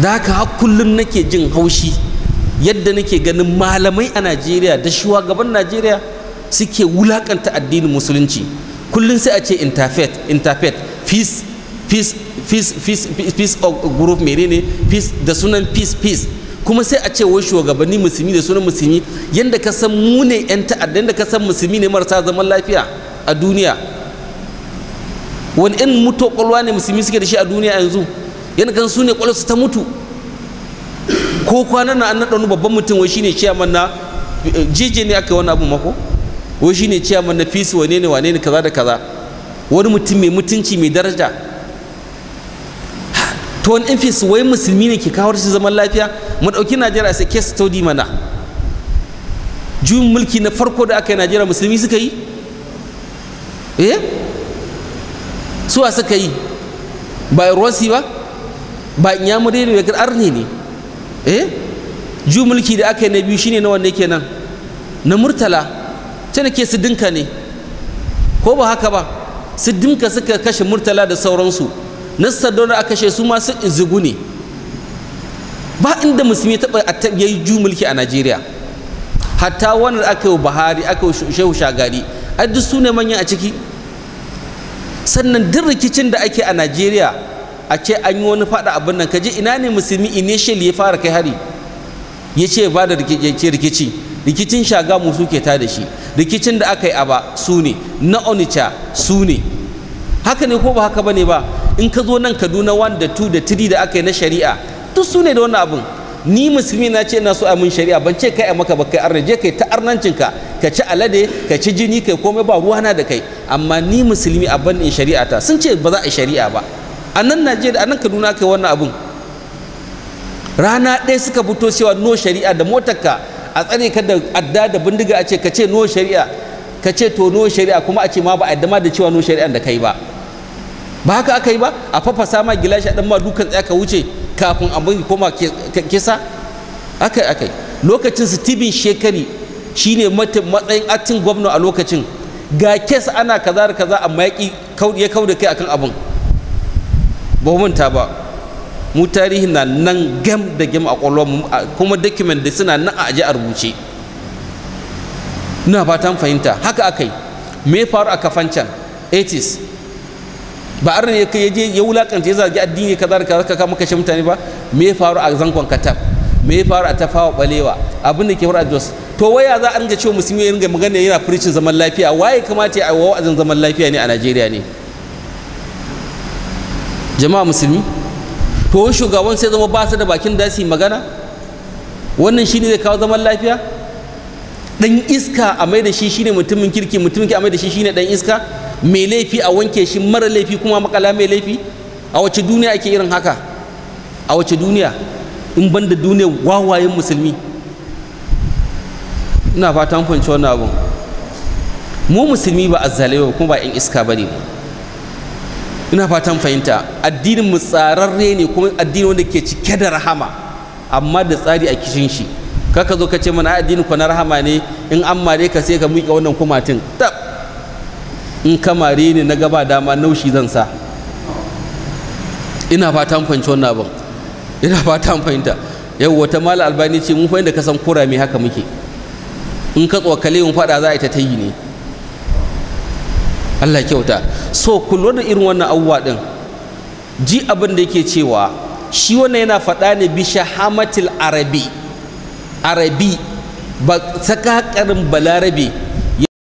da haka har kullum nake jin haushi yadda nake ganin malamai a najeriya da shugaban najeriya suke wulakanta addinin musulunci kullum sai a ce interfaith interfaith peace peace peace peace peace group menene peace da sunan peace peace kuma sai a ce wai shugabanni musulmi da sunan musulmi yadda ka san mu ne yan ta'adda yadda ka san musulmi ne marasa zaman lafiya a duniya wani in mutu ne musulmi suke da shi a duniya yanzu yana gan su ne kwalarsu ta mutu ko kwanan na an naɗa wani babban mutum wai shine ciyaman na jije ne aka yi wani abu mako wai shine ciyaman na fisi wane ne wane ne kaza da kaza wani mutum mai mutunci mai daraja to wani infis wai musulmi ne ke kawar shi zaman lafiya mu ɗauki najeriya sai case study mana juyin mulki na farko da aka yi najeriya musulmi suka yi eh suwa suka yi ba ruwansi ba ba in ya mure ne ga arne ne eh ju mulki da aka yi na biyu shine na wanne kenan na murtala ta ke su ne ko ba haka ba su suka kashe murtala da sauransu na sardauna a kashe su masu zugu ne ba inda musulmi ya taɓa ya yi ju mulki a najeriya hatta wannan aka yi buhari aka yi shehu shagari ai duk su ne manyan a ciki sannan duk rikicin da ake a najeriya a ce an yi wani faɗa abin nan ka ji ina ne musulmi initial ya fara kai hari ya ce ba da rikici rikicin shaga su ke da shi rikicin da aka yi aba su ne na onitsha su ne haka ne ko ba haka ba ne ba in ka zo nan kaduna 1 da 2 da 3 da aka yi na shari'a duk su ne da wannan abin ni musulmi na ce ina so a mun shari'a ban ce kai a maka ba kai arna je kai ta arnancinka ka ci alade ka ci jini kai komai ba ruwana da kai amma ni musulmi a ban in shari'a ta sun ce ba za a shari'a ba a nan najeriya a nan kaduna kai wannan abun rana ɗaya suka fito cewa no shari'a da motarka a tsare ka da adda da bindiga a ce ka ce no shari'a ka ce to no shari'a kuma a ce ma ba a ma da cewa no shari'a da kai ba ba haka aka yi ba a fafasa ma gilashi a ɗan ma dukan tsaya ka wuce kafin abin koma kisa aka aka yi lokacin tibin Shekari shine matsayin atin gwamna a lokacin ga kes ana kaza da kaza amma ya kauda kai akan abin ba manta ba mu tarihi na nan gam da gam a kwallon kuma document da suna nan a aji a rubuce ina fatan fahimta haka aka yi me faru a kafancan 80s ba arna ya kai je ya wulakanta ya zagi addini kaza da kaza ka kama kashe mutane ba me faru a zankon katab me ya faru a tafawa balewa abin da ke faru a jos to waya za a ringa cewa musulmi ya ringa magana yana furicin zaman lafiya waye kamata ya wa wa'azin zaman lafiya ne a najeriya ne jama'a musulmi to wani shugaban sai zama ba su da bakin da su magana wannan shi ne zai kawo zaman lafiya dan iska a mai da shi shine mutumin kirki mutumin kirki a mai da shi shine dan iska mai laifi a wanke shi mara laifi kuma makala mai laifi a wace duniya ake irin haka a wace duniya in ban da duniyar wawayen musulmi ina fatan fahimci wannan abun mu musulmi ba azzalai ba kuma ba 'yan iska bane ba ina fatan fahimta addinin mu tsararre ne kuma addini wanda ke cike da rahama amma da tsari a kishin shi kaka zo ka ce mana addinin ku na rahama ne in an mare ka sai ka miƙa wannan kumatin tab in ka mare ni na gaba dama naushi zan sa ina fatan fahimci wannan abin ina fatan fahimta yau wata mala albani ce mun fahimta ka san kura me haka muke in ka tsokale mun faɗa za a yi ta tayi ne Allah kyauta so ku da irin wannan abubuwa din ji abin da yake cewa shi wannan yana faɗa ne bi shahamatil arabi arabi ba sakakarin balarabe